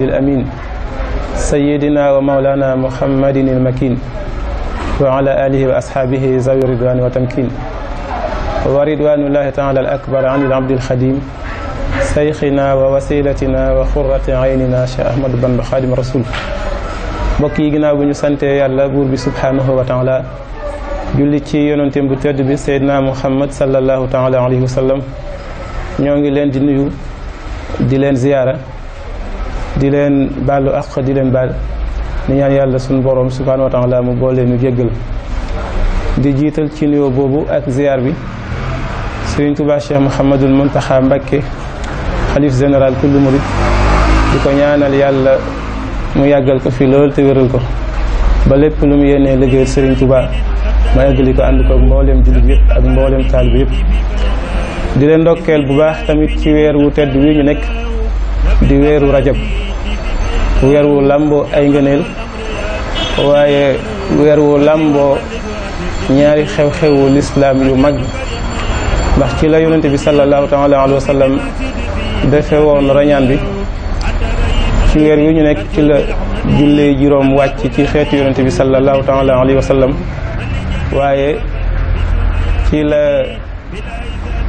الأمين سيدنا ومولانا محمد المكين وعلى آله وأصحابه ذوي رضوان وتمكين ورضوان الله تعالى الأكبر عن العبد الخديم شيخنا ووسيلتنا وقرة عيننا Cheikh Ahmadou Bamba Khadim Rasoul mbokk yi ginnaaw bi ñu sante yàlla buur bi subhanahu wa taala julli ci yonenteem bu tedd bi Seydina Muhammad sallallahu taala alayhi wa sallam ñoo ngi leen di nuyu di leen ziyaara di leen baalu ak di leen baal di ñaan yàlla suñu boroom subhaanahu wa taala mu boole nu jéggal di jiital ci nuyoo boobu ak ziar bi Sëriñ Tuubaa Cheikh Mouhamadul Muntaxa Mbakke xalif général kullu murid ko ñaanal yàlla mu yàggal ko loolu te ko ba lépp lu mu yéenee liggéey Sëriñ Tuubaa ma eggali ko ànd ko mbooleem jullit yëpp ak mbooleem taalibe yëpp di leen ndokkeel bu baax tamit ci weer wu tedd wi nekk di weeru rajab weer wu làmboo ay ngëneel waaye weer wu làmboo ñaari xew-xewu lislaam yu mag ndax ci la yonente bi sallallahu taala alayhi wa sallam defe woon rañaan bi ci weer wi ñu nekk ci la jullee juróom wàcc ci xeet yonente bi sallallahu taala alayhi wa sallam waaye ci la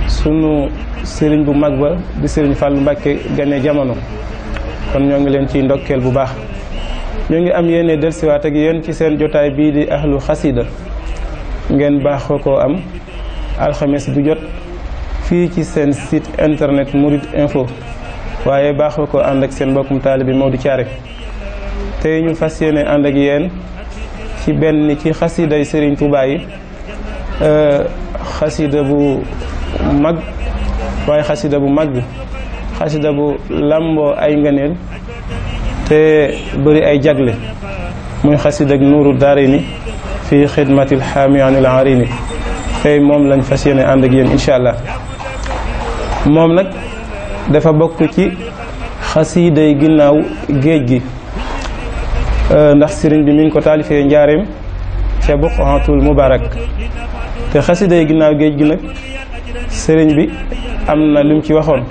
sunu serigne bu magba ba di sëriñ Fallou Mbacké gane jamono kon ñoo ngi leen ci ndokkel bu baax ñoo ngi am ci delsiwaat ak yeen ci seen jotay bi di ahlu khasida ngeen baax ko am khamis bu jot fi ci seen site internet mourid info waye baax ko and ak seen bokkum talibi modou tiare tay ñu fas and ak yeen ci ben ci khasida serigne Touba yi khasida euh, bu mag waaye xasida bu mag bi xasida bu làmboo ay ngëneel te bari ay jagle muy xasida ak nuuru daarini fii xidmatil xaami anil arini tey moom lañ fas yéene ànd ak yéen incha allah moom nag dafa bokk ci xasiiday ginnaaw géej gi euh, ndax sëriñ bi mi ngi ko taalifee njaareem ca buqaatul mubarak te xasiiday ginnaaw géej gi nag sëriñ bi amna lim ci waxon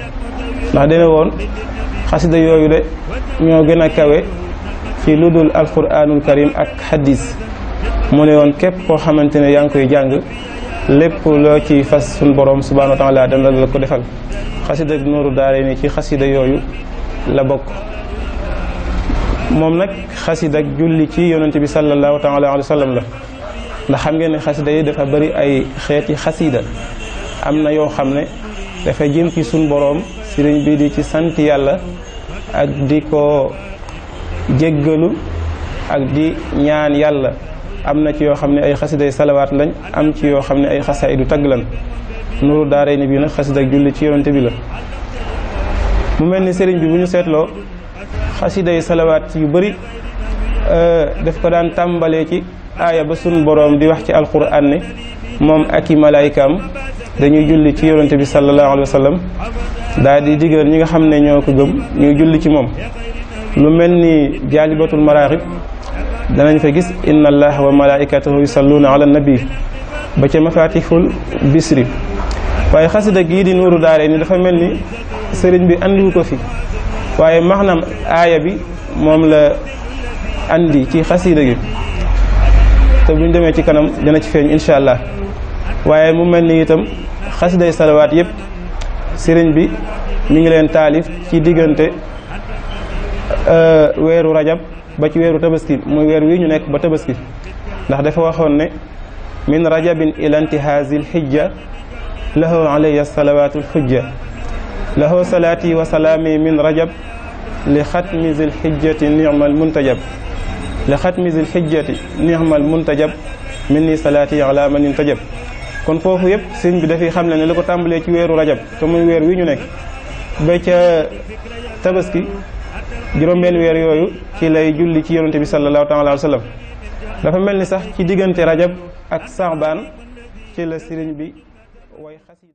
ndax dina won xasida yoyu de ño gëna kawe ci ludul alquranul karim ak hadith mo ne won kep ko xamantene yang koy jàng lépp lo ci fas suñ borom subhanahu wa taala dem la ko defal ak nuru daare ni ci xasida yoyu la bok mom nak xasida ak julli ci yonnati bi sallallahu taala alayhi wasallam la ndax xam ngeen ne xasida yi dafa bari ay xeeti xasida am na yoo xam ne dafa jëm ci sun boroom sëriñ bi di ci sant yàlla ak di ko jéggalu ak di ñaan yàlla am na ci yoo xam ne ay xasiday salawaat lañ am ci yoo xam ne ay xasaay du tagg lañ nuru daaray ni bii nag xasida ak julli ci yonante bi la mu mel ni sëriñ bi bu ñu seetloo xasiday salawaat yu bëri euh, daf ko daan tàmbalee ci aaya ba sun boroom di wax ci alquran ne mom ak malaikam malaaykaam dañuy julli ci yaronte bi sallallahu alayhi wasallam sallam daal di digal ñi nga xamne ñoko gëm ñuy julli ci mom lu melni jalibatul maraqib danañ fa gis inna allaha wa malaikatahu yusalluna ala nabi ba ci mafatihul bisri way khasida gi di nuru daare ni dafa melni serigne bi andi ko fi waye maxnam aya bi mom la andi ci khasida gi te buñ démé ci kanam dina ci feñ inshallah waye mu melni itam xasiday salawat yeb serigne bi mi ngi len talif ci digeunte euh wéru rajab ba ci wéru tabaski moy wéru wi ñu nek ba tabaski ndax dafa waxon ne min rajabin ila intihaasil xijja lahu alayhi salawatul xujja lahu salati wa salami min rajab li xatmi zil xijjati nicmal muntajab li xatmi zil xijjati nicmal muntajab minni salaati ala man intajab kon foofu yëpp sëñ bi dafay xam le ne li ko tàmbalee ci weeru rajab te muy weer wi ñu nekk ba ca tabaski juróom-benn weer yooyu ci lay julli ci yonante bi sallallahu taala wa sallam dafa mel ni sax ci diggante rajab ak saabaan ci la sëriñ bi way xasida